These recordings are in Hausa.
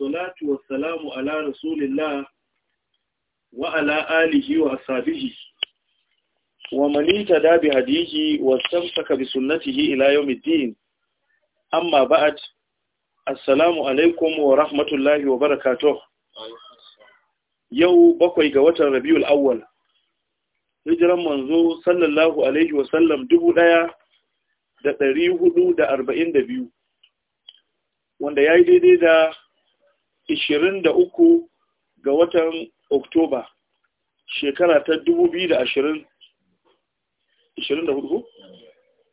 salatu salamu ala rasulillah wa ala alihi wa ashabihi wa man ittaba bi hadihi wastamsaka bi sunnatihi ila yawmiddin amma ba'd assalamu alaikum wa rahmatullahi wa barakatuh yau bakwai ga watan rabiul awwal hijiran manzo sallallahu alaihi wa sallam dubu da ɗari hudu da arba'in da biyu wanda ya yi daidai da 23 ga watan Oktoba shekara ta 2024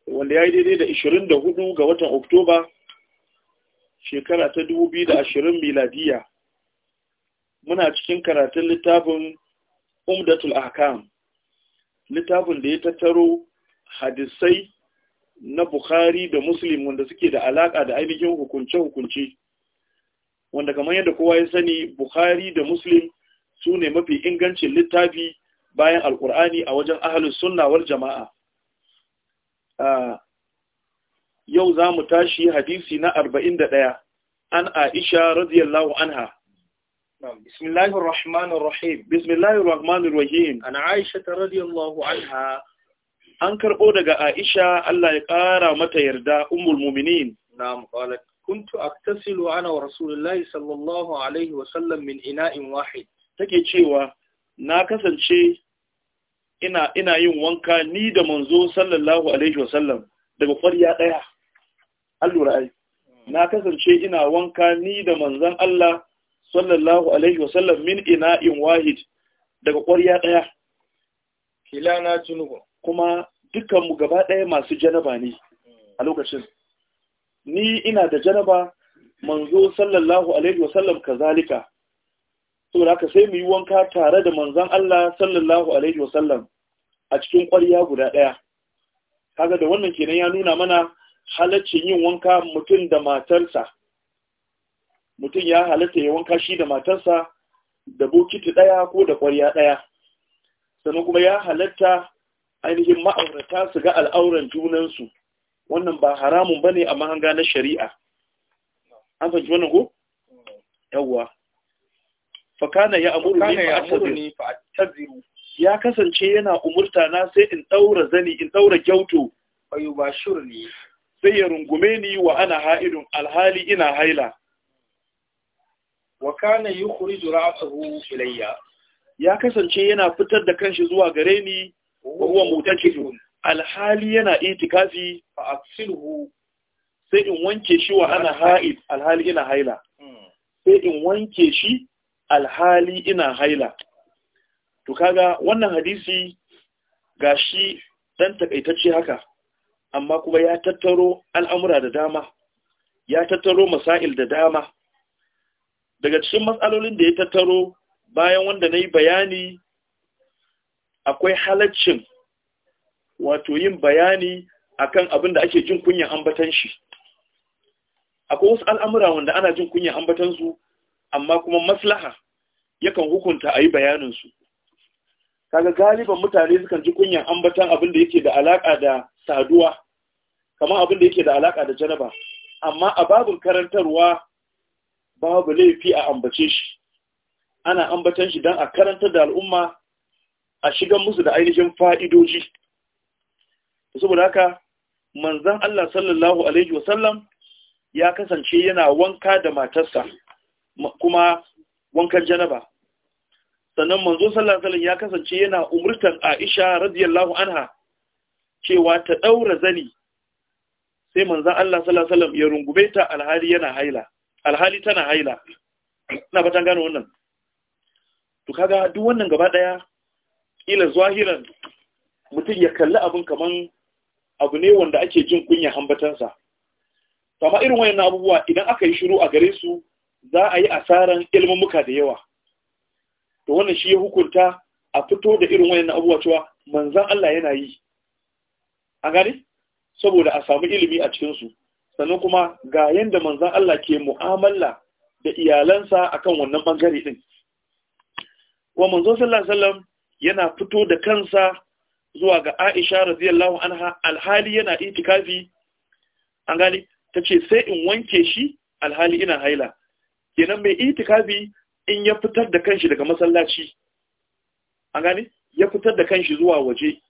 wanda ya yi daidai da 24 ga watan Oktoba shekara ta 2020 miladiya muna cikin karatun littafin Umdatul akam littafin da ya tattaro hadisai na Bukhari da Muslim wanda suke da alaka da ainihin hukunce-hukunce wanda kamar yadda kowa ya sani Bukhari da Muslim su ne mafi ingancin littafi bayan Alkur'ani a wajen ahalin sunnawar jama'a. Yau za mu tashi hadisi na arba'in da ɗaya. an Aisha radiyallahu anha. بسم الله الرحمن الرحيم بسم الله الرحمن الرحيم رضي الله عنها an karɓo daga Aisha Allah ya ƙara mata yarda ummul muminin. Na'am kuntu aktasilu ana wa rasulullahi sallallahu alaihi wasallam min ina'in wahid take cewa na kasance ina ina yin wanka ni da manzo sallallahu alaihi wasallam daga ƙwarya ɗaya allura ai na kasance ina wanka ni da manzon Allah sallallahu alaihi wasallam min ina'in wahid daga ƙwarya ɗaya kilana junubu kuma dukkanmu gaba ɗaya masu janaba ne a lokacin ni ina da jaraba, manzo sallallahu alaihi wasallam kazalika saboda haka sai mu yi wanka tare da manzon Allah sallallahu alaihi wasallam a cikin ƙwarya guda ɗaya kaga da wannan kenan ya nuna mana halaccin yin wanka mutum da matarsa mutum ya halatta ya wanka shi da matarsa da bokiti ɗaya ko da ƙwarya ɗaya sannan kuma ya halatta ainihin ma'aurata su ga al'auran junansu wannan ba haramun ba ne a mahanga na shari'a an fahimci wannan ko yawwa Fakana ya amuru ni fa ataziru ya kasance yana umurta na sai in daura zani in daura gyauto ne. sai ya rungume ni wa ana ha'idun alhali ina haila wa kana yukhriju ra'sahu ilayya ya kasance yana fitar da kanshi zuwa gare ni wa huwa mutaqidun alhali yana itikafi fa aksilhu sai in wanke shi wa ana ha'id alhali ina haila hmm. sai in wanke shi alhali ina haila to kaga wannan hadisi gashi dan takaitacce haka amma kuma ya tattaro al'amura da dama ya tattaro masail da dama daga cikin matsalolin da ya tattaro bayan wanda na yi bayani akwai halaccin wato yin bayani akan abin da ake jin kunyan ambatan shi akwai wasu al'amura wanda ana jin kunyan ambatan su amma kuma maslaha yakan hukunta a yi bayanin su kaga galiban mutane sukan ji kunyan ambatan abin da yake da alaka da saduwa kamar abin da yake da alaka da janaba amma a babin karantarwa babu laifi a ambace shi ana ambatan shi don a karantar da al'umma a shigan musu da ainihin fa'idoji saboda haka manzon Allah sallallahu alaihi wasallam ya kasance yana wanka da matarsa kuma wankan janaba sannan manzo sallallahu alaihi ya kasance yana umurtan Aisha radiyallahu anha cewa ta daura zani sai manzon Allah sallallahu alaihi ya rungube ta alhali yana haila alhali tana haila ina batan gano wannan to kaga duk wannan gaba daya ila zahiran mutum ya kalli abin kaman abu ne wanda ake jin kunya hambatansa amma irin wayannan abubuwa idan aka yi shiru a gare su za a yi asaran muka da yawa to wannan shi ya hukunta a fito da irin wayannan abubuwa cewa manzan Allah yana yi an gane saboda a samu ilimi a cikin su sannan kuma ga yanda manzan Allah ke mu'amala da iyalansa akan wannan bangare din wa manzon sallallahu alaihi wasallam yana fito da kansa zuwa ga Aisha radiyallahu anha alhali yana itikafi an gani tace sai in wanke shi alhali ina haila kenan mai itikafi in ya fitar da kanshi daga masallaci an gani ya fitar da kanshi zuwa waje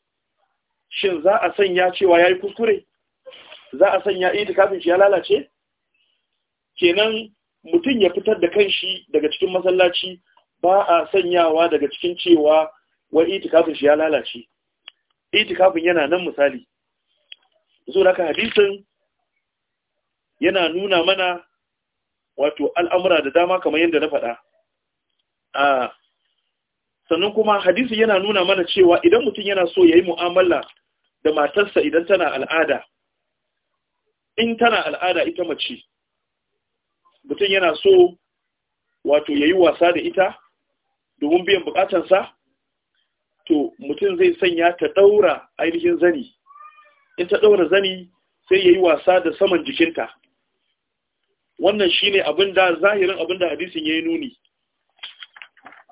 shin za a sanya cewa yayi kuskure za a sanya itikafin shi ya lalace kenan mutum ya fitar da kanshi daga cikin masallaci ba a sanyawa daga cikin cewa wa itikafin shi ya lalace itikafin yana nan misali zo da hadisin yana nuna mana wato al'amura da dama kamar yadda na faɗa a sannan kuma hadisin yana nuna mana cewa idan mutum yana so ya yi mu'amala da matarsa idan tana al'ada in tana al'ada ita mace mutum yana so wato ya yi wasa da ita domin biyan bukatansa to mutum zai sanya ta ɗaura ainihin zani in ta ɗaura zani sai ya yi wasa da saman jikinta wannan shi ne abinda zahirin abinda hadisin ya yi nuni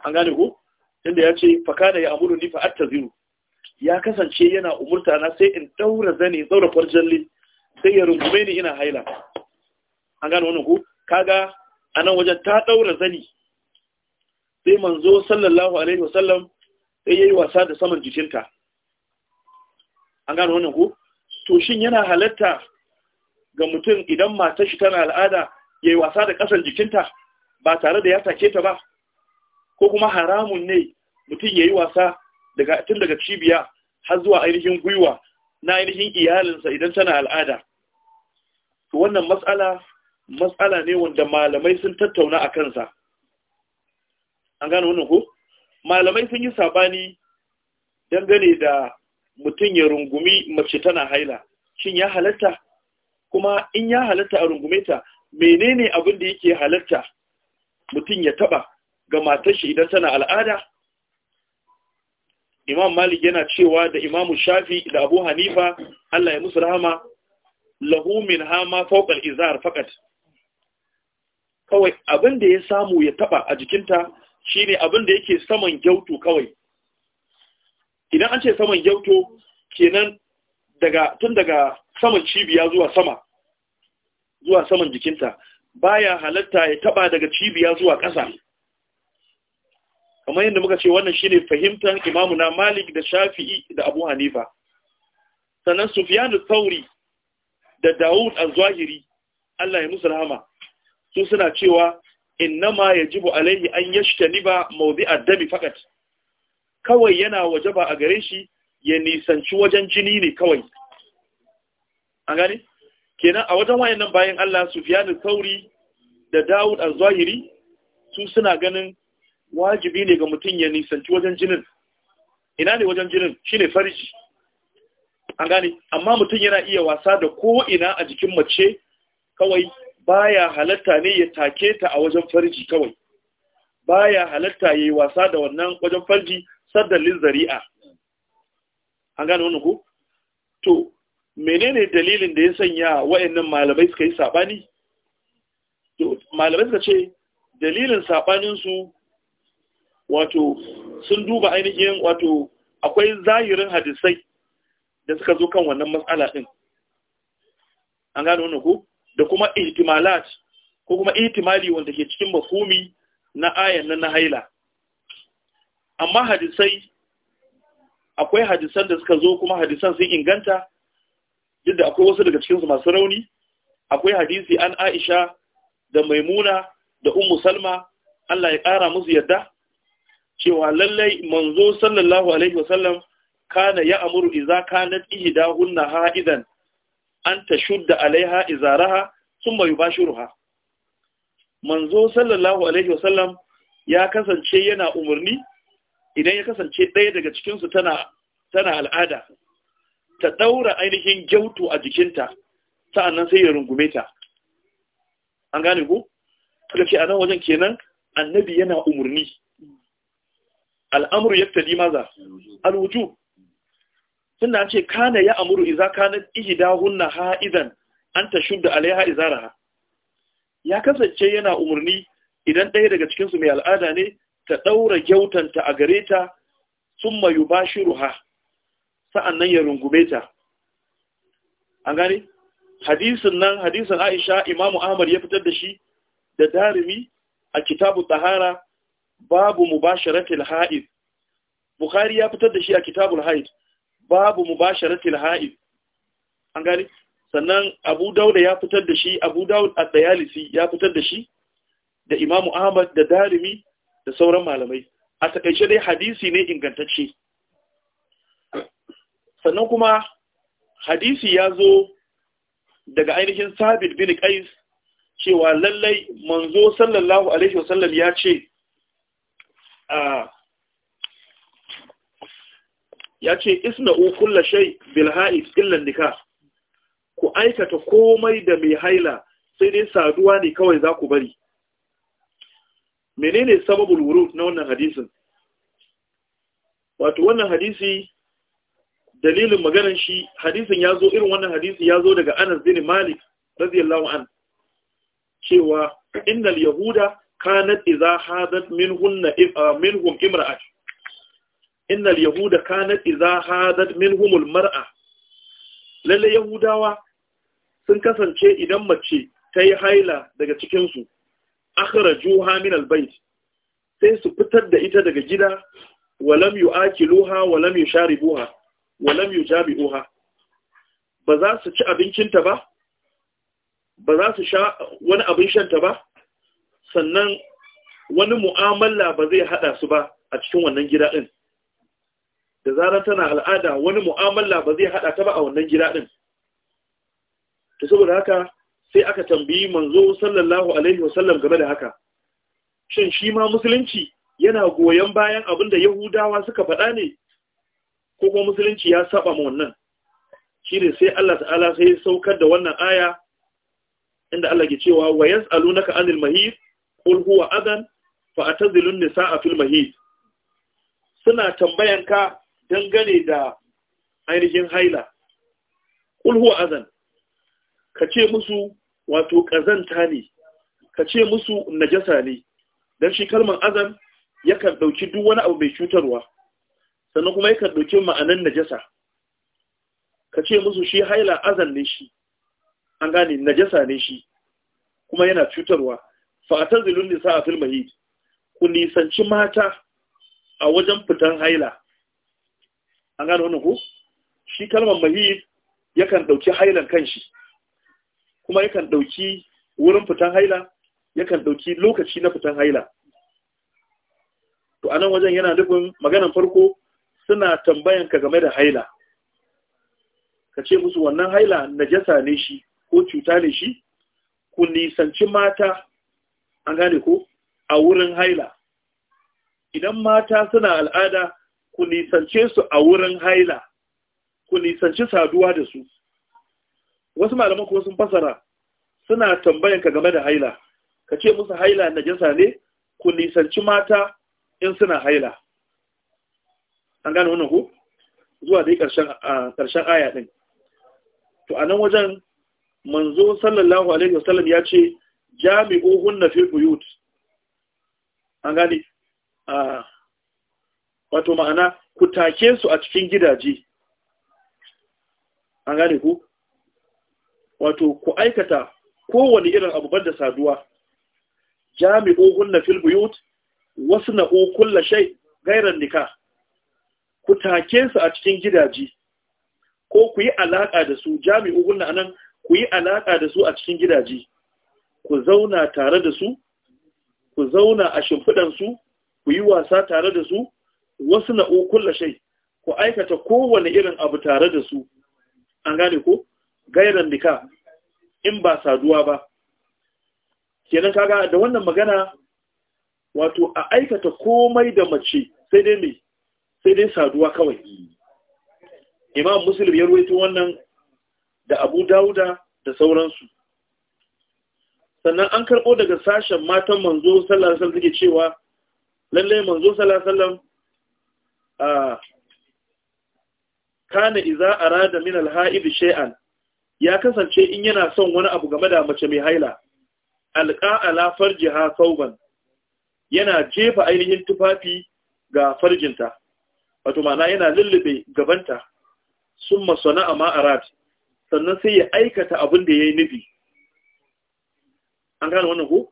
an gane ko inda ya ce faka da ya amuru ni fa'ad ta zinu. ya kasance yana umurta na sai in ɗaura zani ɗaura farjalli sai ya rungume ni ina haila an gane wannan ko kaga a nan wajen ta ɗaura zani sai manzo sallallahu alaihi wasallam sai ya yi wasa da saman jikinta an gano wannan ku. to yana halatta ga mutum idan matar shi tana al'ada ya yi wasa da kasan jikinta ba tare da ya take ta ba ko kuma haramun ne mutum ya yi wasa tun daga cibiya har zuwa ainihin gwiwa na ainihin iyalinsa idan tana al'ada to wannan matsala matsala ne wanda malamai sun tattauna a kansa an gano wannan ku. malamai sun yi sabani dangane da mutum ya rungumi mace tana haila shin ya halatta kuma in ya halatta a rungume ta menene abin da yake halatta mutum ya taba ga matar shi idan tana al'ada imam malik yana cewa da imamu shafi da abu hanifa allah ya musu rahama lahu min hama fawqal izar fakat kawai abin da ya samu ya taba a jikinta shine abin da yake saman gyauto kawai idan an ce saman gyauto kenan daga tun daga saman cibiya zuwa sama zuwa saman jikinta baya halatta ya taba daga cibiya zuwa ƙasa kamar yadda muka ce wannan shine fahimtar imamuna Malik da Shafi'i da Abu Hanifa sannan sufiyanu Sa'uri da Dawud al zahiri Allah ya musu rahama su suna cewa innama yajibu alaihi an ba mawdi'ad dami fakat kawai yana wajaba a gare shi ya nisanci wajen jini ne kawai an gane kenan a wajen wayannan bayan Allah Sufyan Thauri da Dawud a zahiri su suna ganin wajibi ne ga mutum ya nisanci wajen jinin ina ne wajen jinin shine farji an gane amma mutum yana iya wasa da ko ina a jikin mace kawai baya halatta ne ya take ta a wajen farji kawai baya halatta yayi wasa da wannan wajen farji saddalin zari'a an gane wannan ko to menene dalilin da ya sanya wayannan malamai suka yi sabani to malamai suka ce dalilin sabanin su wato sun duba ainihin wato akwai zahirin hadisai da suka zo kan wannan matsala din an gane wannan ko da kuma ihtimalat ko kuma ihtimali wanda ke cikin makumi na ayan na haila amma hadisai akwai hadisan da suka zo kuma hadisan sun inganta duk akwai wasu daga cikinsu masu rauni akwai hadisi an aisha da maimuna da ummu salma Allah ya ƙara musu yadda cewa lallai manzo sallallahu alaihi wasallam kana ya amuru idza kanat ihdahunna ha'idan an ta shudda alaiha izaraha sun mai shuruha manzo sallallahu alaihi wasallam ya kasance yana umarni idan ya kasance ɗaya daga cikinsu tana al'ada ta ɗaura ainihin gyautu a jikinta sa'annan sai ya rungume ta an gane ku? suka ce a wajen kenan annabi yana umarni al'amuru ya tadi maza al'ujub suna ce kana ya amuru iza kana ha idan an shudda alaiha izaraha ya kasance yana umarni idan ɗaya daga cikin su mai al'ada ne ta ɗaura gyautanta a gare ta sun mayu ruha sa'an nan ya rungume ta an gane hadisin nan hadisin Aisha imamu Ahmad ya fitar da shi da darimi a kitabu tahara babu mubasharatil ha'id Bukhari ya fitar da shi a kitabul haid babu mubasharatil ha'id an gani sannan Abu Dauda ya fitar da shi Abu Dauda at Dayalisi ya fitar da shi da Imam Ahmad da Darimi da sauran malamai a takaice dai hadisi ne ingantacce sannan kuma hadisi ya zo daga ainihin Sabit bin Qais cewa lallai manzo sallallahu alaihi wasallam ya ce a ah, ya ce isna'u kulla shai Bilha'i, illan illa ku aikata komai da mai haila sai dai saduwa ne kawai za ku bari menene sababul wurud na wannan hadisin wato wannan hadisi dalilin maganar shi hadisin ya zo irin wannan hadisi ya zo daga anas bin malik radiyallahu an cewa innal yahuda kanat idza hadat minhunna minhum imra'ah innal yahuda kanat idza hadat minhumul mar'a lalle yahudawa sun kasance idan mace ta yi haila daga cikin su akhrajuha min albayt sai su fitar da ita daga gida walam yu'akiluha walam yusharibuha walam yujabi'uha ba za su ci abincinta ba ba za su sha wani abin shanta ba sannan wani mu'amala ba zai hada su ba a cikin wannan gida din da zarar tana al'ada wani mu'amala ba zai haɗa ta ba a wannan gida din to saboda haka sai aka tambayi manzo sallallahu alaihi wasallam game da haka shin shi ma musulunci yana goyon bayan abin da yahudawa suka faɗa ne ko kuma musulunci ya saba ma wannan shi ne sai Allah ta'ala sai saukar da wannan aya inda Allah ke cewa wa yas'alunaka anil mahid qul huwa adan fa atazilun nisaa fil mahid suna tambayanka. dangane da ainihin haila ƙulhu azan ka ce musu wato ƙazanta ne ka ce musu najasa ne don shi kalmar azan yakan ɗauki duk wani abu mai cutarwa sannan kuma yakan ɗauki ma'anan najasa ka ce musu shi haila azan ne shi an gane najasa ne shi kuma yana cutarwa fa'atan zilun nisa a filmahid ku nisanci mata a wajen fitan haila an gane wannan ku? shi kalmar mahid yakan dauki hailan kanshi kuma yakan dauki wurin fitan haila yakan dauki lokaci na fitan haila to anan wajen yana nufin maganan farko suna tambayan ka game da haila ka ce musu wannan haila najasa ne shi ko cuta ne shi ku nisanci mata an gane ko a wurin haila idan mata suna al'ada ku nisance su a wurin haila ku nisanci saduwa da su wasu malaman kuma sun fasara suna tambayan ka game da haila ka ce musu haila na najasa ne ku nisanci mata in suna haila an gane wannan ku zuwa dai ƙarshen aya ɗin to a nan wajen manzo sallallahu alaihi wasallam ya ce Jami'u hunna fi buyut an gane wato ma'ana ku take su a cikin gidaje an gane ku wato ku aikata kowane irin abu da saduwa jami'ohun na fil wasu na kulla shai gairan nika ku take su a cikin gidaje ko ku yi alaƙa da su jami'ohun na anan ku yi alaƙa da su a cikin gidaje ku zauna tare da su ku zauna a shimfiɗansu ku yi wasa tare da su wasu na'u kulla shai ku aikata kowane irin abu tare da su an gane ko gairan nika in ba saduwa ba kenan kaga da wannan magana wato a aikata komai da mace sai dai mai sai dai saduwa kawai imam muslim ya ruwaito wannan da abu dauda da sauransu sannan an karɓo daga sashen matan manzo sallallahu alaihi wasallam cewa lallai manzo sallallahu alaihi wasallam kana iza arada min alha'ib shay'an ya kasance in yana son wani abu game da mace mai haila alqa ala farjiha sauban yana jefa ainihin tufafi ga farjinta wato ma'ana yana lullube gabanta summa sana'a ma arad sannan sai ya aikata abin da yayi nufi an gane wannan ko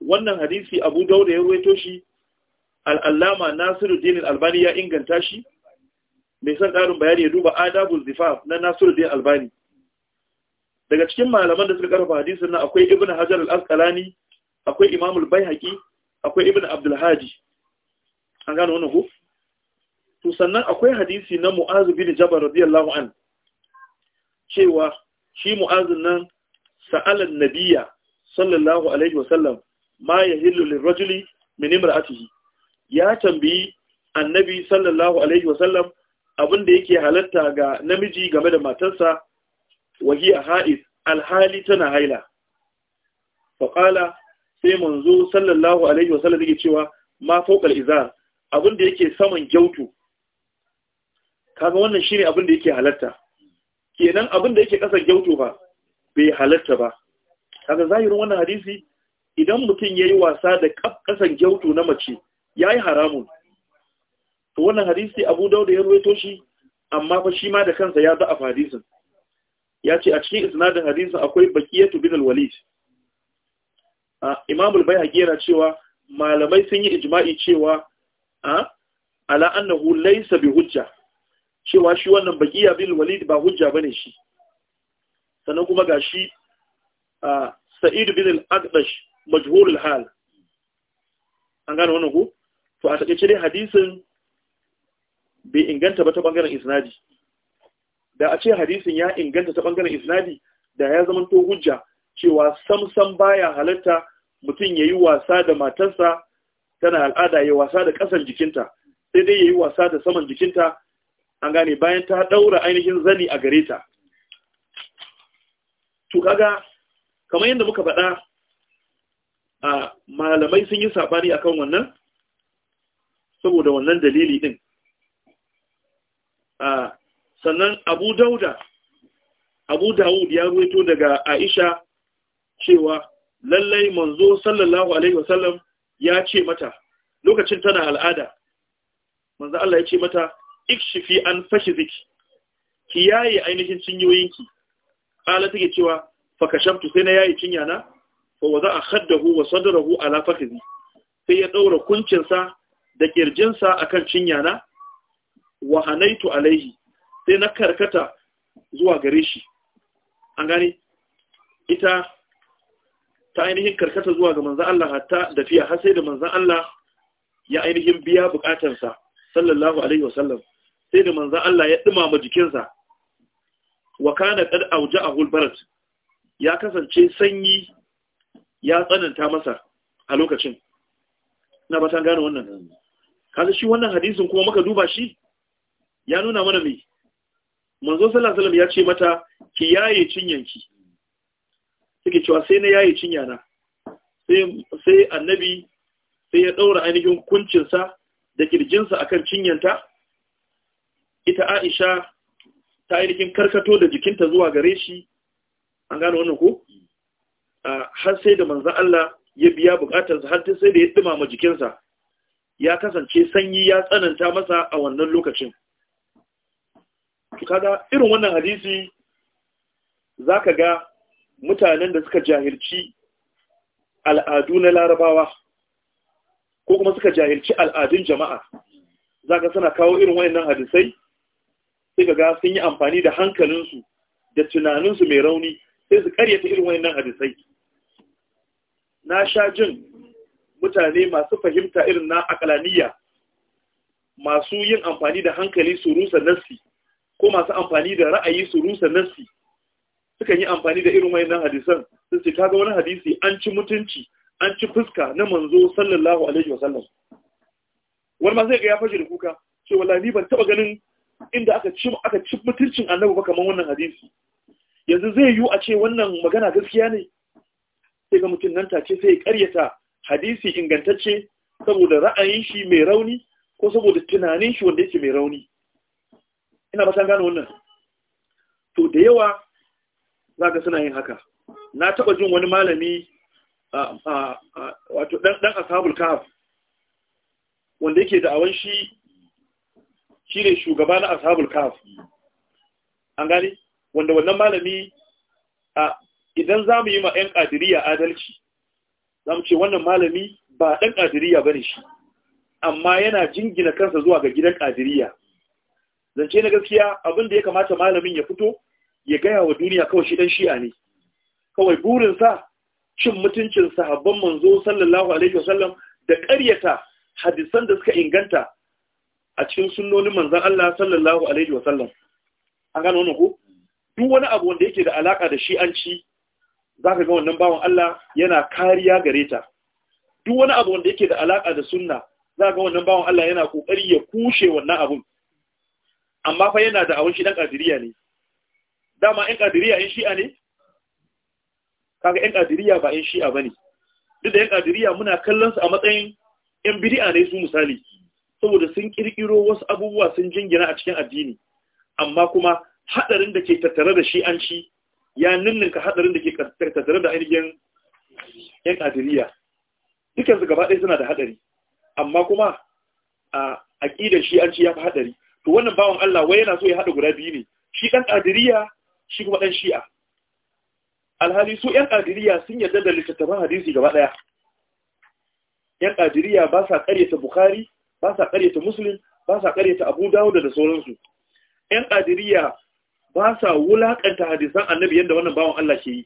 wannan hadisi Abu dauda ya ruwaito shi al'allama nasiruddin albani ya inganta shi mai son ƙarin bayani ya duba adabul zifaf na nasiruddin albani daga cikin malaman da suka karfa hadisin nan akwai ibn hajar al-asqalani akwai imam al-baihaqi akwai ibn abdul an gano wani ko to sannan akwai hadisi na mu'az bin jabal radiyallahu an cewa shi mu'az nan Sa'alan an-nabiyya sallallahu alaihi wa sallam ma yahillu lirajuli min imra'atihi ya tambayi annabi sallallahu alaihi wasallam abin da yake halatta ga namiji game da matarsa wahiya ha'is alhali tana haila faƙala sai manzo sallallahu alaihi wasallam yake cewa ma fokal izar abin da yake saman gyautu kaga wannan shine abin da yake halatta kenan abin da yake ƙasar gyautu ba bai halatta ba kaga zahirin wannan hadisi idan mutum yayi wasa da ƙasan gyautu na mace ya yi haramun to wannan hadisi abu dauda ya ruwaito shi amma fa shi ma da kansa ya a hadisin ya ce a cikin isnadin hadisin akwai bakiyatu bin al-walid imamu al-bayhaqi yana cewa malamai sun yi ijma'i cewa ala annahu laysa bi hujja cewa shi wannan bakiya bin al-walid ba hujja bane shi sannan kuma gashi sa'id bin al-aqdash majhul al-hal an gane wannan ko to a taƙaice dai hadisin bai inganta ba ta bangaren isnadi da a ce hadisin ya inganta ta ɓangaren isnadi da ya zama to hujja cewa samsam baya halatta mutum ya yi wasa da matarsa tana al'ada ya wasa da kasan jikinta sai dai yi wasa da saman jikinta an gane bayan ta ɗaura ainihin zani a gare ta to kaga kamar yadda muka faɗa a malamai sun yi saɓani akan wannan saboda wannan dalili din sannan abu dauda abu dawud ya ruwaito daga aisha cewa lallai manzo sallallahu alaihi wasallam ya ce mata lokacin tana al'ada manzo Allah ya ce mata ikshifi an fashiziki ki yaye ainihin cinyoyinki ala take cewa fakashamtu sai na yayi cinya na fa wada akhadahu wa sadrahu ala fakhizi sai ya daura kuncinsa da kirjinsa akan cinya na wa hanaitu alaihi sai na karkata zuwa gare shi an gane ita ta ainihin karkata zuwa ga manzan Allah hatta da fiya har sai da manzan Allah ya ainihin biya bukatarsa sallallahu alaihi wasallam sai da manzan Allah ya dumama jikinsa wa kana qad awja'ahu al ya kasance sanyi ya tsananta masa a lokacin na ba ta gane wannan kaza shi wannan hadisin kuma muka duba shi ya nuna mana mai manzo sallallahu alaihi ya ce mata ki yaye cinyanki take cewa sai na yaye cinyana sai sai annabi sai ya daura ainihin sa da sa akan cinyanta ita Aisha ta ainihin karkato da jikinta zuwa gare shi an gano wannan ko ah, har sai da manzo Allah ya biya bukatarsa har sai da ya dumama jikinsa ya kasance sanyi ya tsananta masa a wannan lokacin kaga irin wannan hadisi za ka ga mutanen da suka jahilci al'adu na larabawa ko kuma suka jahilci al'adun jama'a za ka suna kawo irin wayannan hadisai sai ga sun yi amfani da hankalinsu da tunaninsu mai rauni sai su karyata irin wayannan hadisai na sha jin mutane masu fahimta irin na akalaniya masu yin amfani da hankali su rusa nassi ko masu amfani da ra'ayi su rusa nassi sukan yi amfani da irin wayannan hadisan sun ce kaga wani hadisi an ci mutunci an ci fuska na manzo sallallahu alaihi wasallam wani ma zai ga ya fashe da kuka ce wallahi ban taba ganin inda aka ci aka ci mutuncin annabi ba kamar wannan hadisi yanzu zai yiwu a ce wannan magana gaskiya ne sai ga mutum nan ta ce sai ya karyata hadisi ingantacce saboda ra'ayin shi mai rauni ko saboda tunanin shi wanda yake mai rauni ina ba san gane wannan to da yawa zaka suna yin haka na taba jin wani malami wato dan dan ashabul kahf wanda yake da awan shi shine shugaba na ashabul kahf an gane wanda wannan malami a idan zamu yi ma ƴan kadiriya adalci za mu ce wannan malami ba ɗan ƙadiriya ba ne shi amma yana jingina kansa zuwa ga gidan ƙadiriya zance na gaskiya abin da ya kamata malamin ya fito ya gaya wa duniya kawai shi ɗan shi'a ne kawai burinsa cin mutuncin sahabban manzo sallallahu alaihi wasallam da ƙaryata hadisan da suka inganta a cikin sunnonin manzon Allah sallallahu alaihi wasallam an gano wannan ko duk wani abu wanda yake da alaka da shi'anci za ka ga wannan bawan Allah yana kariya gare ta duk wani abu wanda yake da alaƙa da sunna za ga wannan bawan Allah yana kokari ya kushe wannan abun amma fa yana da awon shi ɗan ƙadiriya ne dama in ƙadiriya in shi'a ne? kaga in ƙadiriya ba ‘yan shi'a ba ne duk da in ƙadiriya muna kallon su a matsayin ‘yan bid'a ne su misali saboda sun ƙirƙiro wasu abubuwa sun jingina a cikin addini amma kuma haɗarin da ke tattare da shi'anci ya ninninka hadarin da ke tattare da ainihin yan adiriya dukkan su gaba ɗaya suna da hadari amma kuma a aqidar shi an ci ya fi hadari to wannan bawan Allah wai yana so ya haɗa guda biyu ne shi ɗan adiriya shi kuma ɗan shi'a alhali su yan adiriya sun yarda da littattafan hadisi gaba ɗaya yan adiriya ba sa ƙaryata bukhari ba sa ƙaryata muslim ba sa ƙaryata abu dawud da sauransu yan adiriya ba sa wulakanta hadisan annabi yadda wannan bawan Allah ke yi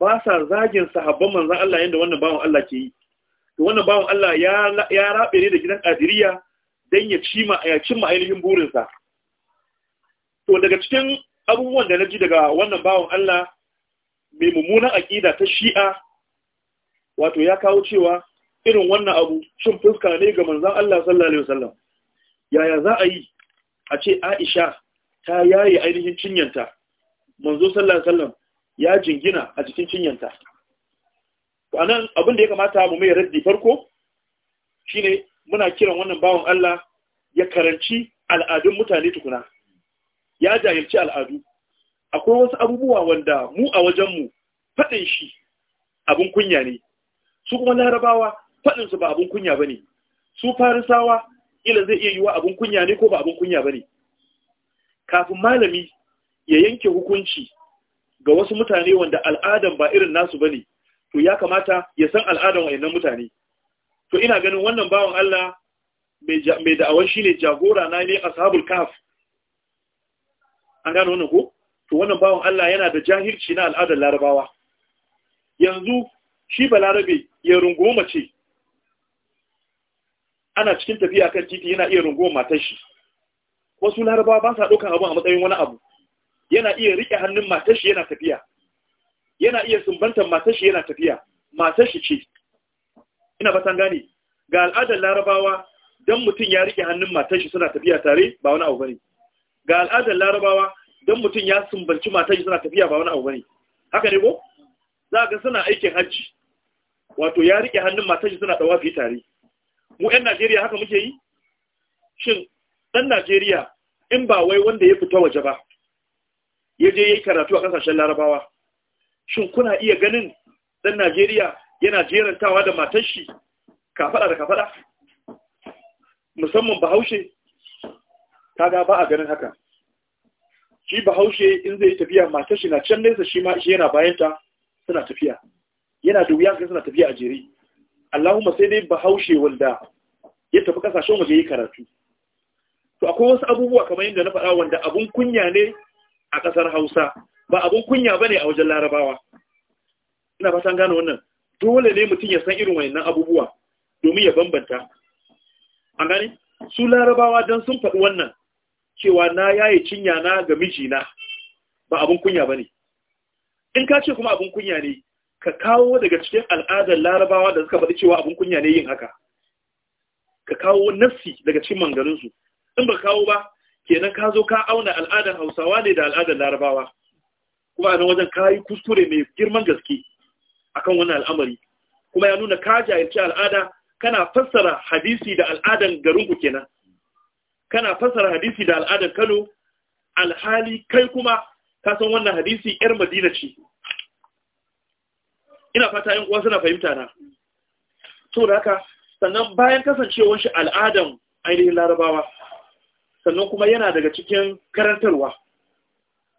ba sa zagin sahabban manzan Allah yadda wannan bawan Allah ke yi to wannan bawan Allah ya rabe ne da gidan Qadiriyya dan ya ci ma ya cimma ainihin burinsa to daga cikin abubuwan da na ji daga wannan bawan Allah mai mummunan aƙida ta Shi'a wato ya kawo cewa irin wannan abu cin fuska ne ga manzan Allah sallallahu alaihi wasallam yaya za a yi a ce Aisha ta yaye ainihin cinyanta manzo sallallahu alaihi ya jingina a cikin cinyanta anan abin da ya kamata mu mai raddi farko shine muna kiran wannan bawon Allah ya karanci al'adun mutane tukuna ya jahilci al'adu akwai wasu abubuwa wanda mu a wajen mu faɗin shi abin kunya ne su kuma larabawa su ba abin kunya ba su farisawa ila zai iya yiwa abun kunya ne ko ba abun kunya bane kafin malami ya yanke hukunci ga wasu mutane wanda al'adan ba irin nasu bane to ya kamata ya san al'adan wayannan mutane to ina ganin wannan bawan Allah mai da'awar shi ne jagora na ne ashabul kaf an gano wannan ko to wannan bawan Allah yana da jahilci na al'adar larabawa yanzu shi balarabe ya rungoma ce ana cikin tafiya kan titi yana iya rungoma matar shi wasu larabawa ba sa ɗaukan abin a matsayin wani abu yana iya riƙe hannun matashi yana tafiya yana iya sumbantar matashi yana tafiya matashi ce ina ba san gane ga al'adar larabawa don mutum ya riƙe hannun matashi suna tafiya tare ba wani abu bane ga al'adar larabawa don mutum ya sumbanci matashi suna tafiya ba wani abu bane haka ne ko za ga suna aikin hajji wato ya riƙe hannun matashi suna ɗawafi tare mu 'yan najeriya haka muke yi shin ɗan najeriya in ba wai wanda ya fita waje ba ya je ya yi karatu a kasashen larabawa shin kuna iya ganin dan najeriya yana jerantawa da matashi shi kafada da kafada musamman bahaushe ga ba a ganin haka shi bahaushe in zai tafiya matashi shi na can nesa shi ma shi yana bayanta suna tafiya yana da wuya kai suna tafiya a jere Allahumma sai dai bahaushe wanda ya tafi kasashen waje yi karatu to akwai wasu abubuwa kamar yadda na faɗa wanda abun kunya ne a ƙasar Hausa ba abun kunya bane a wajen Larabawa ina fatan gane wannan dole ne mutum ya san irin wayannan abubuwa domin ya bambanta an gane su Larabawa dan sun faɗi wannan cewa na yaye cinya na ga mijina ba abun kunya bane in ka ce kuma abun kunya ne ka kawo daga cikin al'adar Larabawa da suka faɗi cewa abun kunya ne yin haka ka kawo nafsi daga cikin manganinsu in ba kawo ba kenan ka zo ka auna al'adar hausawa ne da al'adar larabawa kuma a nan wajen ka yi kuskure mai girman gaske kan wannan al'amari kuma ya nuna ka jayarci al'ada kana fassara hadisi da al'adar garinku kenan kana fassara hadisi da al'adar kano alhali kai kuma ka san wannan hadisi yar madina ce ina fata yan uwa suna fahimta na to da haka sannan bayan kasancewar shi al'adar ainihin larabawa sannan kuma yana daga cikin karantarwa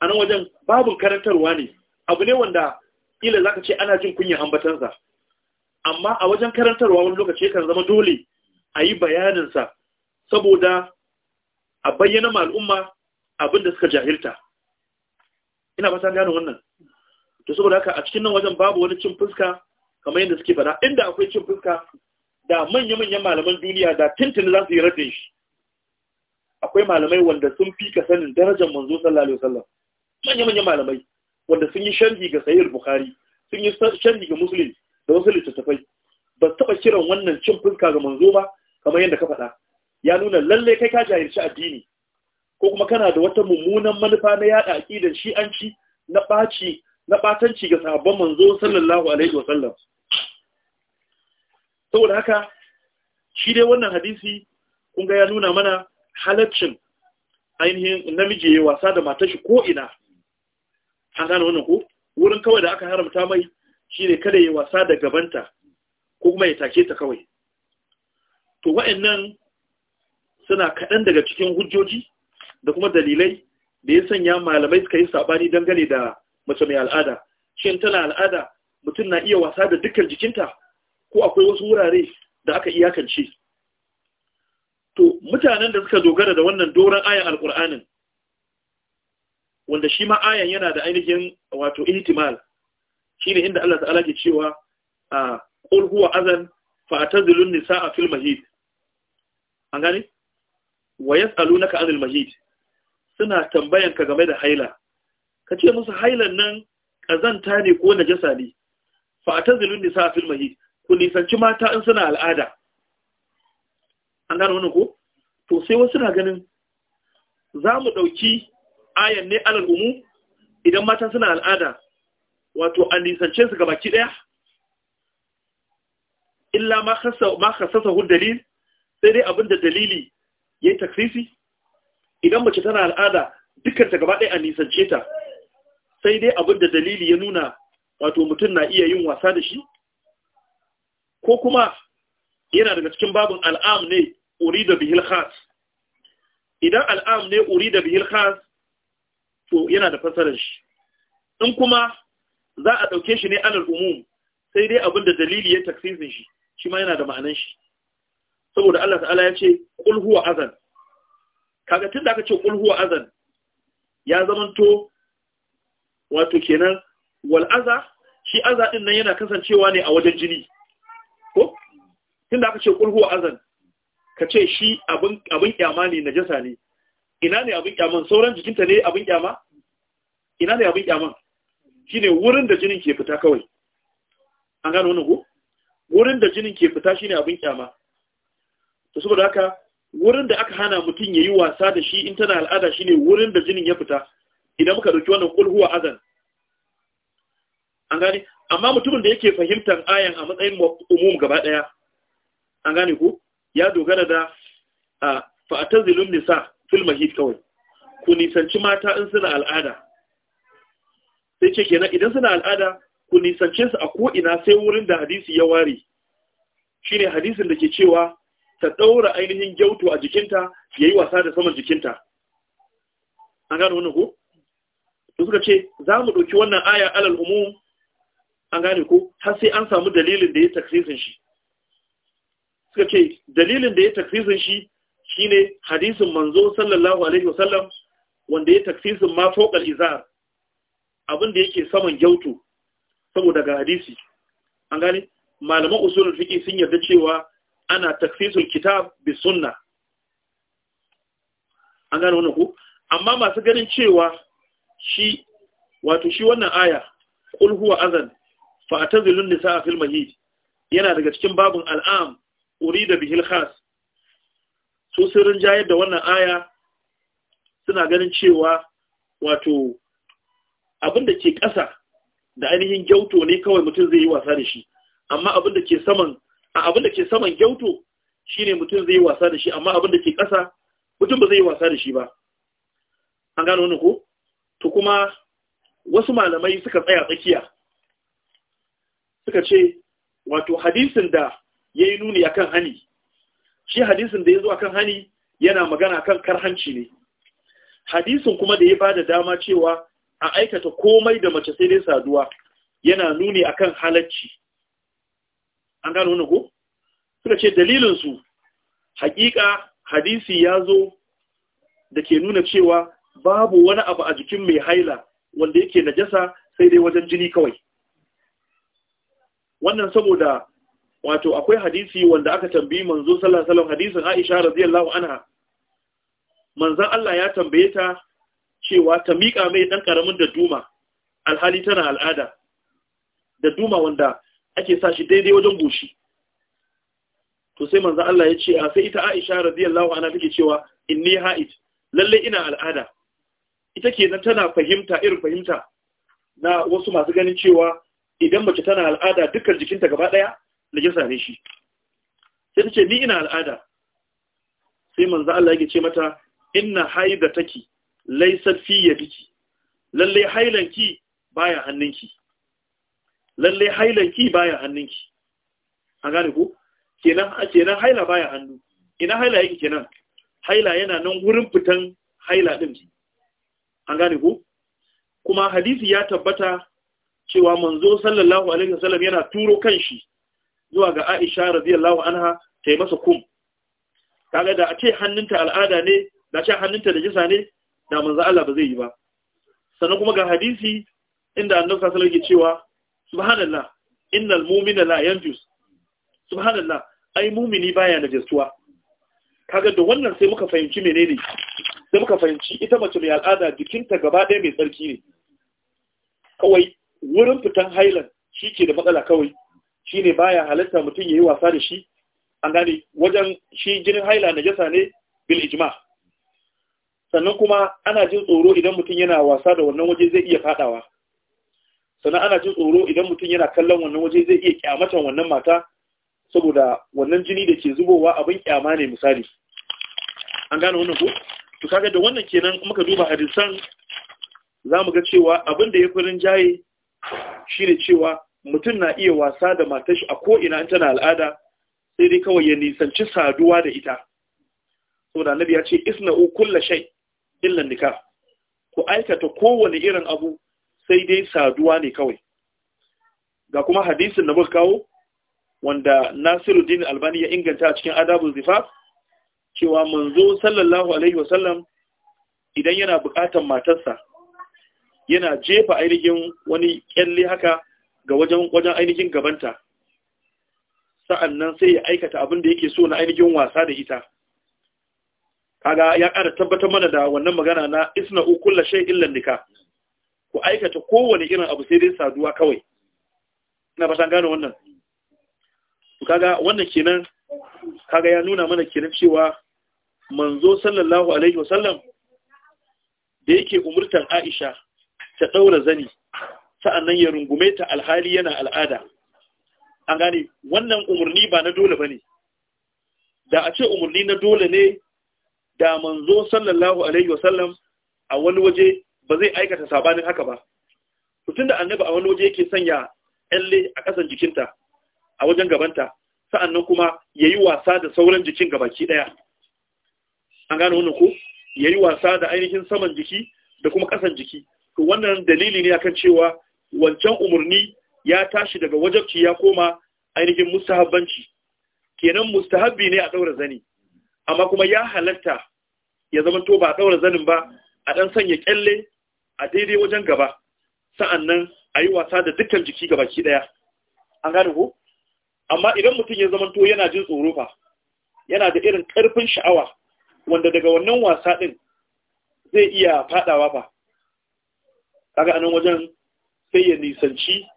a nan wajen babin karantarwa ne abu ne wanda ila zaka ce ana jin kunyan ambatansa amma a wajen karantarwa wani lokaci kan zama dole a yi bayaninsa saboda a bayyana al'umma abin da suka jahilta ina ba ta gano wannan to saboda haka a cikin nan wajen babu wani cin fuska kamar yadda suke faɗa inda akwai cin fuska da manya-manyan malaman duniya da tuntuni za su yi rabin shi akwai malamai wanda sun fi ka sanin darajar manzo sallallahu alaihi wasallam manya manya malamai wanda sun yi sharhi ga sahih bukhari sun yi sharhi ga muslim da wasu littattafai ba taba kiran wannan cin fuska ga manzo ba kamar yadda ka faɗa ya nuna lalle kai ka jahilci addini ko kuma kana da wata mummunan manufa na yaɗa aqidar shi'anci na baci na batanci ga sahabban manzo sallallahu alaihi wasallam saboda haka shi dai wannan hadisi kun ga ya nuna mana halaccin ainihin namiji ya yi wasa da matashi ko ina an gane wannan ko wurin kawai da aka haramta mai shi ne kada ya yi wasa da gabanta ko kuma ya take ta kawai to wa'annan suna kaɗan daga cikin hujjoji da kuma dalilai da ya sanya malamai suka yi saɓani dangane da mace mai al'ada shin tana al'ada mutum na iya wasa da dukkan jikinta ko akwai wasu wurare da aka iyakance to mutanen da suka dogara da wannan doron ayan alkur'anin wanda shi ma ayan yana da ainihin wato ihtimal shine inda Allah ta'ala ke cewa a qul huwa azan fa atazilun nisaa fil mahid an gane wa yas'alunaka anil mahid suna tambayan ka game da haila kace musu hailan nan kazanta ne ko na najasa ne fa atazilun nisaa fil mahid ku nisanci mata in suna al'ada an gane wannan ko to sai wasu na ganin za mu ɗauki ayan ne alal umu idan mata suna al'ada wato an nisance su gabaki ɗaya illa ma kasasa hu dalil sai dai abin da dalili ya yi takrisi idan mace tana al'ada dukkan ta gaba ɗaya a nisance ta sai dai abin da dalili ya nuna wato mutum na iya yin wasa da shi ko kuma yana daga cikin babin al'am ne urida bihil khas idan al'am ne urida bihil khas to yana da fasarar shi in kuma za a ɗauke shi ne anal umum sai dai abin da dalili ya taksisin shi shi ma yana da ma'anan shi saboda Allah ta'ala ya ce qul huwa azan kaga tunda aka ce qul huwa azan ya zamanto wato kenan wal aza shi aza din nan yana kasancewa ne a wajen jini ko tunda aka ce qul huwa azan ka ce shi abin kyama ne najasa ne ina ne abin kyama sauran jikinta ne abin kyama ina ne abin Shi ne wurin da jinin ke fita kawai an gano wani ko wurin da jinin ke fita shi ne abin kyama to saboda haka wurin da aka hana mutum ya yi wasa da shi in tana al'ada shi ne wurin da jinin ya fita idan muka dauki wannan kulhuwa azan an gane amma mutumin da yake fahimtar ayan a matsayin umum gaba daya an gane ku. ya dogara da a zilun nisa fil mahid kawai ku nisanci mata in suna al'ada sai ce kenan idan suna al'ada ku nisance su a ko'ina sai wurin da hadisi ya ware shi ne hadisin da ke cewa ta ɗaura ainihin gyauto a jikinta ya yi wasa da saman jikinta an gane wani ko? da suka ce za mu ɗauki wannan aya alal umu an gane ko har sai an samu dalilin da ya taksisin shi suka ce dalilin da ya takfisin shi shine hadisin manzo sallallahu alaihi wasallam wanda ya takfisin ma fokal izar abin da yake saman gyautu saboda ga hadisi an gane malaman usulul fiqi sun yarda cewa ana takfisul kitab bi sunna an gane wannan ku amma masu ganin cewa shi wato shi wannan aya qul huwa azan fa atazilun nisaa fil mahid yana daga cikin babun al'am urida bihil khas su sirrin jayar da wannan aya suna ganin cewa wato abin da ke ƙasa da ainihin gyauto ne kawai mutum zai yi wasa da shi amma abin da ke saman a abin da ke saman gyauto shine mutum zai yi wasa da shi amma abin da ke ƙasa mutum ba zai yi wasa da shi ba an gano wani ko to kuma wasu malamai suka tsaya tsakiya suka ce wato hadisin da ya yi nuni akan hani shi hadisin da ya zo akan hani yana magana akan karhanci ne hadisin kuma da ya ba da dama cewa a aikata komai da mace sai dai saduwa yana nuni akan halacci an gano wani ko suka ce dalilinsu hakika hadisi ya zo da ke nuna cewa babu wani abu a jikin mai haila wanda yake najasa sai dai wajen jini kawai wannan saboda wato akwai hadisi wanda aka tambayi manzo sallallahu alaihi wasallam hadisin Aisha radhiyallahu anha manzon Allah ya tambaye ta cewa ta miƙa mai dan karamin da duma alhali tana al'ada da duma wanda ake sa shi daidai wajen goshi to sai manzon Allah ya ce a sai ita Aisha radhiyallahu anha take cewa inni ha'id lalle ina al'ada ita kenan tana fahimta irin fahimta na wasu masu ganin cewa idan mace tana al'ada dukkan jikinta gaba daya najasa ne shi sai ta ce ni ina al'ada sai manzo Allah yake ce mata inna haidataki laysa fi yadiki lalle hailanki baya hannunki lalle hailanki baya hannunki an gane ko kenan kenan haila baya hannu ina haila yake kenan haila yana nan wurin fitan haila din an gane ko kuma hadisi ya tabbata cewa manzo sallallahu alaihi wasallam yana turo kanshi zuwa ga Aisha radiyallahu anha ta yi masa kum kaga da a ce hannunta al'ada ne da ce hannunta da jisa ne da manzo Allah ba zai yi ba sannan kuma ga hadisi inda annabi sallallahu alaihi wasallam cewa subhanallah innal mu'mina la yanjus subhanallah ai mumini baya najistuwa kaga da wannan sai muka fahimci menene sai muka fahimci ita mace mai al'ada jikinta gaba ɗaya mai tsarki ne kawai wurin fitan hailan shi ke da matsala kawai Shi ba baya halatta mutum ya yi wasa da shi an gane wajen shi jinin haila jasa ne bil ijma sannan kuma ana jin tsoro idan mutum yana wasa da wannan waje zai iya fadawa sannan ana jin tsoro idan mutum yana kallon wannan waje zai iya kyamatan wannan mata saboda wannan jini da ke zubowa abin kyama ne misali an gane wannan ko to kaga da wannan kenan muka duba hadisan zamu ga cewa abin da ya jaye shi shine cewa mutum na iya wasa da matar shi a ko'ina in tana al'ada sai dai kawai ya nisanci saduwa da ita da nabi ya ce isna'u kulla shay illa nikah ku aikata kowane irin abu sai dai saduwa ne kawai ga kuma hadisin da muka kawo wanda Nasiruddin Albani ya inganta a cikin adabu zifa, cewa manzo sallallahu alaihi wasallam idan yana buƙatar matarsa yana jefa ainihin wani kyalle haka ga wajen wajen ainihin gabanta sa'an nan sai ya aikata abin da yake so na ainihin wasa da ita kaga ya ƙara tabbatar mana da wannan magana na isna ukulla shai illan nika ku aikata kowane irin abu sai dai saduwa kawai ina ba san gane wannan kaga wannan kenan kaga ya nuna mana kenan cewa manzo sallallahu alaihi wasallam da yake umurtan Aisha ta ɗaura zani sa'annan ya rungume ta alhali yana al'ada an gane wannan umarni ba na dole ba ne da a ce umarni na dole ne da manzo sallallahu alaihi wasallam a wani waje ba zai aikata sabanin haka ba tun da annabi a wani waje yake sanya yalle a ƙasan jikinta a wajen gabanta sa'annan kuma ya yi wasa da sauran jikin gabaki ɗaya an gane wannan ko ya yi wasa da ainihin saman jiki da kuma ƙasan jiki to wannan dalili ne akan cewa wancan umarni ya tashi daga wajabci ya koma ainihin mustahabbanci kenan mustahabbi ne a ɗaura zani amma kuma ya halatta ya zama to ba a ɗaura zanin ba a ɗan sanya ƙyalle a daidai wajen gaba sa'annan a yi wasa da dukkan jiki gaba ki ɗaya an gane ko amma idan mutum ya zama to yana jin tsoro fa yana da irin ƙarfin sha'awa wanda daga wannan wasa ɗin zai iya faɗawa fa kaga anan wajen sai ya nisanci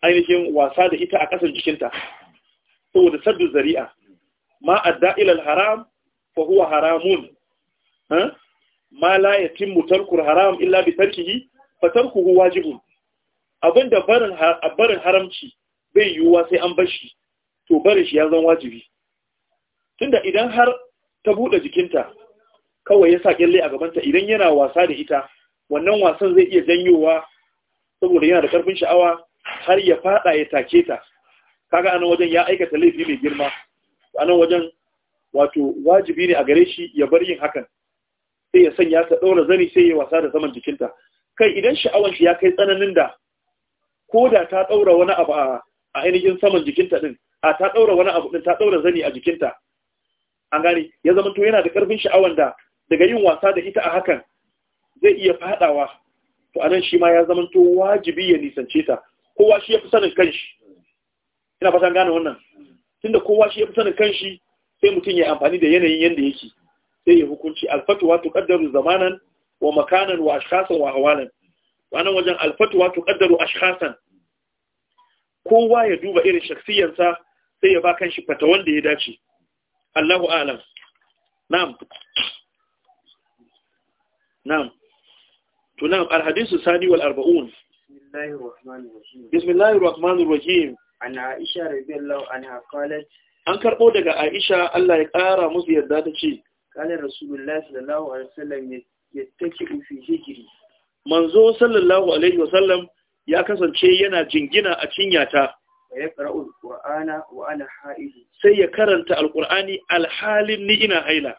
ainihin wasa da ita a ƙasar jikinta saboda saddu zari'a ma adda ilal haram fa huwa haramun ma la yatimmu tarkul haram illa bi tarkihi fa tarkuhu wajibun abinda barin barin haramci bai yiwuwa sai an bar shi to barin shi ya zan wajibi tunda idan har ta buɗe jikinta kawai ya sa kyalle a gabanta idan yana wasa da ita wannan wasan zai iya janyowa saboda yana da karfin sha'awa har ya fada ya take ta kaga anan wajen ya aikata laifi mai girma anan wajen wato wajibi ne a gare shi ya bar yin hakan sai ya sanya ta daura zani sai ya wasa da zaman jikinta kai idan sha'awan shi ya kai tsananin da ko da ta daura wani abu a ainihin saman jikinta din a ta daura wani abu din ta daura zani a jikinta an gane ya zama to yana da karfin sha'awan da daga yin wasa da ita a hakan zai iya fadawa to anan shi ma ya zama to wajibi ya nisance ta kowa shi ya fi sanin kanshi ina fatan gane wannan tunda kowa shi ya fi sanin kanshi sai mutum ya amfani da yanayin yanda yake sai ya hukunci alfatwa tuqaddaru zamanan wa makanan wa ashkhasan wa ahwalan wannan wajen alfatwa tuqaddaru ashkhasan kowa ya duba irin shaksiyarsa sai ya ba kanshi fata wanda ya dace Allahu a'lam na'am na'am تنام الحديث الثاني والأربعون بسم الله الرحمن الرحيم عن عائشة رضي الله عنها قالت an karɓo daga Aisha Allah ya ƙara musu yarda ta ce, Ƙalar Rasulullah sallallahu Alaihi wasallam ya take ufi Manzo sallallahu Alaihi wasallam ya kasance yana jingina a cinya ta. ƙara'ul Ƙur'ana wa Sai ya karanta Alƙur'ani alhalin ni ina haila.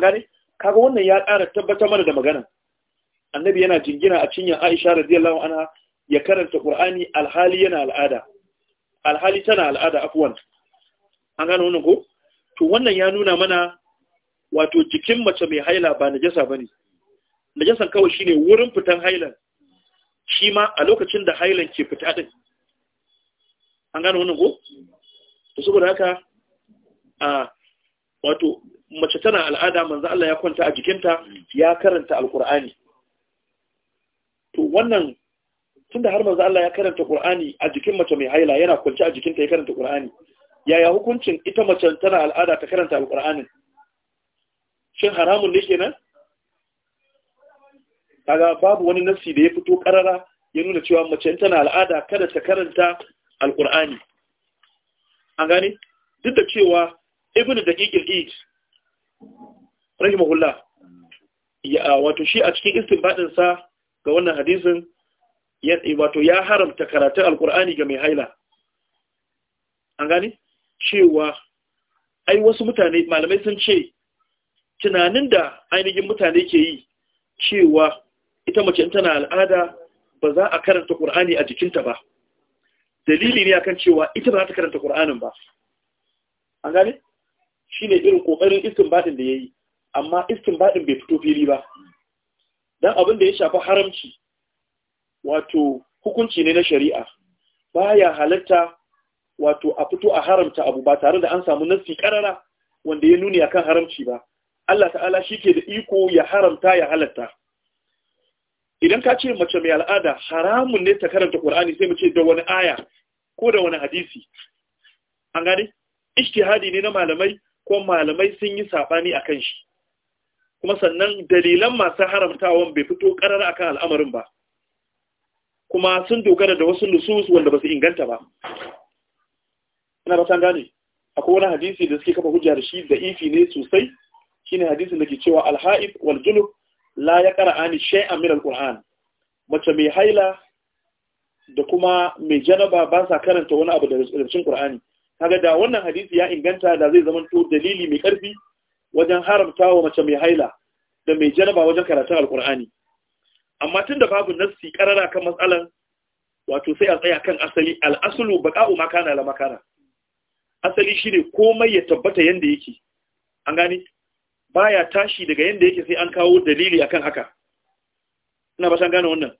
gane? Kaga wannan ya ƙara tabbatar mana da magana. annabi yana jingina a cinyar aisha radiyallahu anha ya karanta qur'ani alhali yana al'ada alhali tana al'ada afwan an gano wannan ko to wannan ya nuna mana wato jikin mace mai haila ba najasa bane najasan kawai shine wurin fitan hailan shi ma a lokacin da hailan ke fita din an gano wannan ko to saboda haka a wato mace tana al'ada manzo Allah ya kwanta a jikinta ya karanta alqur'ani to wannan tunda har manzo Allah ya karanta Qur'ani a jikin mace mai haila yana kwanci a jikinta ya karanta Qur'ani yaya hukuncin ita mace tana al'ada ta karanta Qur'ani shin haramun ne kenan kaga babu wani nafsi da ya fito karara ya nuna cewa mace tana al'ada kada ta karanta Al-Qur'ani an gane duk da cewa ibnu Daqiqil id rahimahullah ya wato shi a cikin istinbadin sa ga wannan hadisin wato ya haramta karatun alkur'ani ga mai haila an gani cewa ai wasu mutane malamai sun ce tunanin da ainihin mutane ke yi cewa ita mace tana al'ada ba za a karanta ƙur'ani a jikinta ba dalili ne akan cewa ita ba za ta karanta ƙur'anin ba an gani? shi ne irin ƙoƙarin baɗin da ya yi amma iskin baɗin bai fito fili ba dan abin da ya shafi haramci wato hukunci ne na shari'a baya halatta wato a fito a haramta abu ba tare da an samu nassi karara wanda ya nuni akan haramci ba Allah ta'ala shike da iko ya haramta ya halatta idan ka ce mace mai al'ada haramun ne ta karanta Qur'ani sai mu ce da wani aya ko da wani hadisi an gane ijtihadi ne na malamai ko malamai sun yi sabani akan shi kuma sannan dalilan masu haramtawan bai fito karar akan al'amarin ba kuma sun dogara da wasu nusus wanda ba su inganta ba ina ba san gane akwai wani hadisi da suke kafa hujja da shi da ifi ne sosai shine hadisin da ke cewa al wal junub la ani shay'an min al Kur'an, mace mai haila da kuma mai janaba ba sa karanta wani abu da rubutun qur'ani kaga da wannan hadisi ya inganta da zai zama to dalili mai karfi wajen haramta wa mace mai haila da mai janaba wajen karatun alkur'ani amma tun da babu nassi karara kan matsalan wato sai a tsaya kan asali al'asulu baqa'u makana la makana asali shine komai ya tabbata yanda yake an gani baya tashi daga yanda yake sai an kawo dalili akan haka ina ba san gane wannan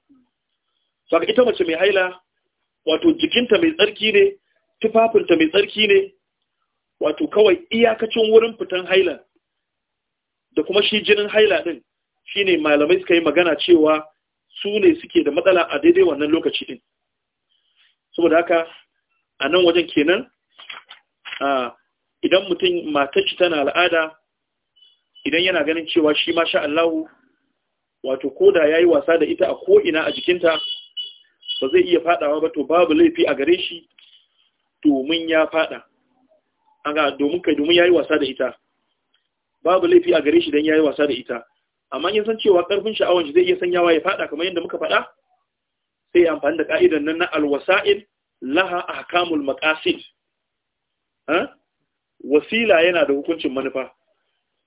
so ita mace mai haila wato jikinta mai tsarki ne tufafinta mai tsarki ne wato kawai iyakacin wurin fitan hailan da kuma shi jinin haila din shine malamai suka yi magana cewa su ne suke da matsala a daidai wannan lokaci din saboda haka a nan wajen kenan idan mutum matacci tana al'ada idan yana ganin cewa shi ma sha Allahu wato koda yayi wasa da ita a ko'ina a jikinta ba zai iya fadawa ba to babu laifi a gare shi domin ya fada an domin kai domin yayi wasa da ita babu laifi a gare shi dan yayi wasa da ita amma in san cewa karfin sha'awar shi zai iya sanyawa ya fada kamar yadda muka faɗa sai amfani da ka'idan nan na alwasa'il laha ahkamul maqasid ha wasila yana da hukuncin manufa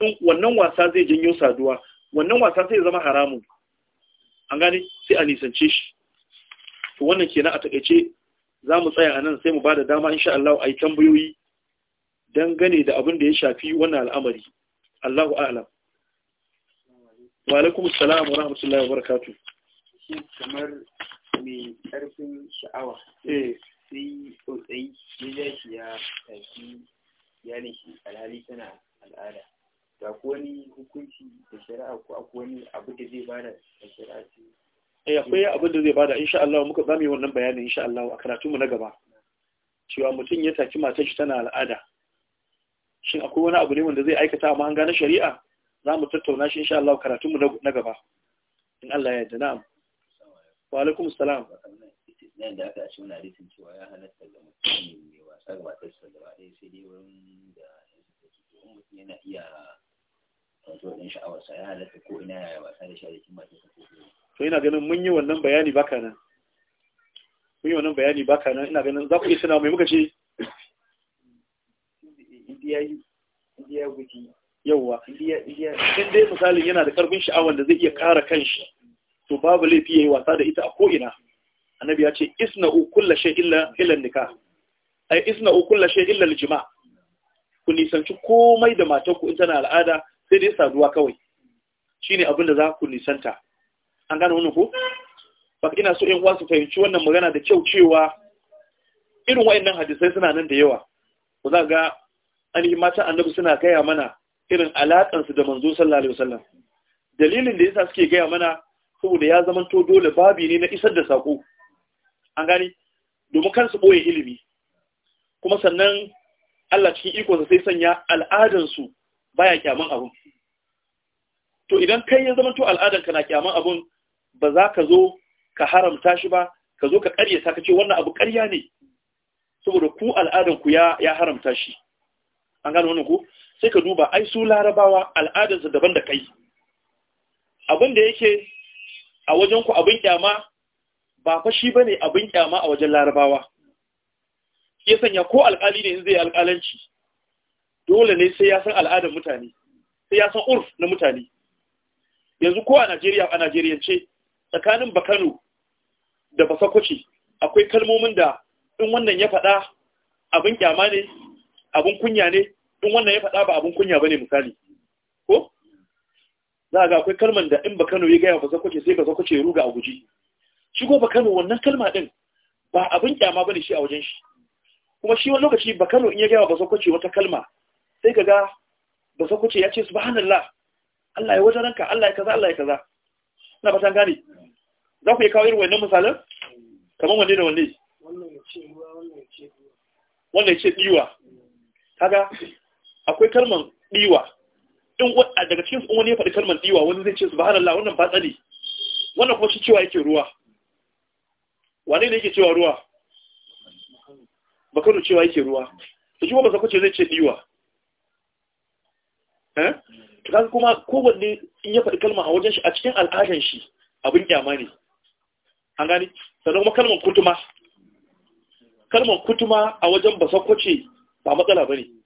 in wannan wasa zai janyo saduwa wannan wasa sai zama haramun an gane sai a nisance shi to wannan kenan a takaice za mu tsaya a nan sai mu ba da dama insha Allah a yi tambayoyi gane da abin da ya shafi wannan al'amari Allahu a'lam wa alaikum assalam wa rahmatullahi wa barakatuh shi kamar mai karfin sha'awa eh sai tsotsayi ya ja shi ya tafi ne shi alhali tana al'ada ga ko wani hukunci da shari'a ko akwai wani abu da zai bada da shari'a ce eh akwai abin da zai bada insha Allah muka zamu yi wannan bayanin insha Allah a karatu mu na gaba cewa mutum ya taki matar shi tana al'ada shin akwai wani abu ne wanda zai aikata amma an gane shari'a za mu tattauna shi insha Allah karatun mu na gaba in Allah ya yarda na'am wa alaikum salam nan da aka ce wannan hadisin cewa ya halatta ga mutum ne wasa ga matarsa da ba dai sai dai wurin da in mutum yana iya wato din sha'awarsa ya halatta ko ina ya wasa da shari'a matarsa ko to ina ganin mun yi wannan bayani baka nan mun yi wannan bayani baka nan ina ganin za ku iya tuna mai muka ce ya guji yawa idan dai misalin yana da ƙarfin sha'awar da zai iya kara kanshi to babu laifi ya yi wasa da ita a ko'ina? ina annabi ya ce isna'u kulla shay illa illa nikah ai isna'u kulla shay illa ku nisanci komai da matanku in tana al'ada sai dai saduwa kawai Shi ne abinda za ku nisanta an gane wannan ku? ba ina so in wasu fahimci wannan magana da kyau cewa irin wa'annan hadisai suna nan da yawa ku za ga Mata matan annabi suna gaya mana irin alaƙansu da manzo sallallahu alaihi wasallam dalilin da yasa suke gaya mana saboda ya zama to dole babi ne na isar da sako an gani domin kansu su boye ilimi kuma sannan Allah cikin sa sai sanya su baya kyaman abun to idan kai ya zama to al'adan kana kyaman abun ba za ka zo ka haramta shi ba ka zo ka ƙaryata ka ce wannan abu ƙarya ne saboda ku al'adan ku ya haramta shi an gano wannan ku? sai ka duba ai su larabawa al'adarsu daban da kai abin da yake a wajen ku abin kyama ba fashi shi bane abin kyama a wajen larabawa ya sanya ko alƙali ne in zai alƙalanci dole ne sai ya san al'adar mutane sai ya san urf na mutane yanzu ko a Najeriya a Najeriyance tsakanin Bakano da Basakwaci akwai kalmomin da in wannan ya faɗa abin kyama ne abin kunya ne in wannan ya faɗa ba abun kunya ba ne, misali ko za a ga akwai kalmar da in ba Kano ya gaya ba kwace sai ba ya ruga a guji shi ko ba Kano wannan kalma din ba abin kyama ne shi a wajen shi kuma shi wani lokaci ba Kano in ya gaya ba kwace wata kalma sai ka ga ba kwace ya ce su ba Allah ya wajen ranka Allah ya kaza Allah ya kaza na fatan gane za ku yi kawo irin wannan misalin? kamar wanne da wanne wannan ya ce diwa akwai kalmar diwa in daga cikin wani ya faɗi kalmar diwa wani zai ce su Allah wannan ba ne wannan kuma shi cewa yake ruwa wane ne yake cewa ruwa kano cewa yake ruwa to shi ba sa zai ce diwa eh ta kuma kowanne in ya faɗi kalma a wajen shi a cikin al'adan shi abin kyama ne an gani sannan kuma kalmar kutuma kalmar kutuma a wajen basakwace ba matsala ba ne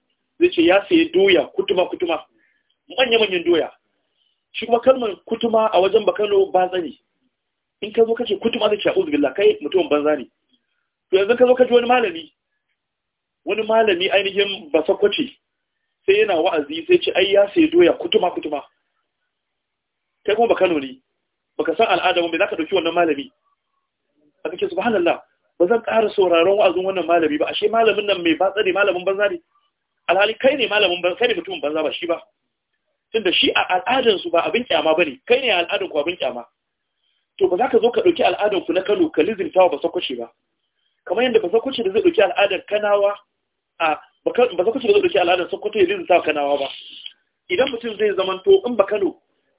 zai ce ya sayi doya kutuma kutuma manya manyan doya shi kuma kalmar kutuma a wajen bakano ba tsani in ka zo kace kutuma zai ce a billah kai mutumin banza ne to yanzu ka zo kaji wani malami wani malami ainihin ba sakwace sai yana wa'azi sai ce ai ya sayi doya kutuma kutuma kai kuma bakano ne baka san al'ada ba ka dauki wannan malami a kake subhanallah ba zan ƙara sauraron wa'azin wannan malami ba ashe malamin nan mai batsare malamin banza ne alhali kai ne malamin ba kai ne mutum banza ba shi ba tunda shi a al'adar su ba abin kyama bane kai ne al'adar ku abin kyama to ba za ka zo ka dauki al'adar ku na Kano ka lizirtawa ba sakwace ba kamar yadda ba sakwace da zai dauki al'adar Kanawa a ba sakwace da zai dauki al'adar Sokoto ya lizirtawa Kanawa ba idan mutum zai zamanto in ba Kano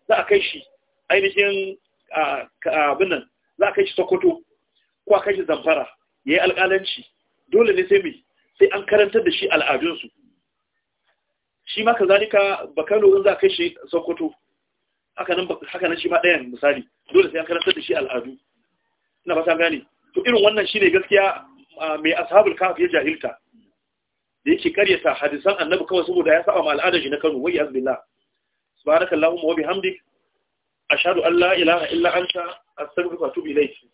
za a kai shi ainihin abin nan za a kai shi Sokoto ko a kai shi Zamfara yayi alƙalanci dole ne sai mai sai an karantar da shi al'adunsu shi ma kazalika bakalo in za kai shi sokoto haka nan haka nan shi ma ɗayan misali dole sai an karantar da shi al'adu ina ba gane to irin wannan ne gaskiya mai ashabul kahf ya jahilta da yake karyata hadisan annabi kawai saboda ya saba ma al'ada shi na Kano wai azbillah subhanakallahumma wa bihamdik ashhadu an la ilaha illa anta astaghfiruka wa atubu ilayk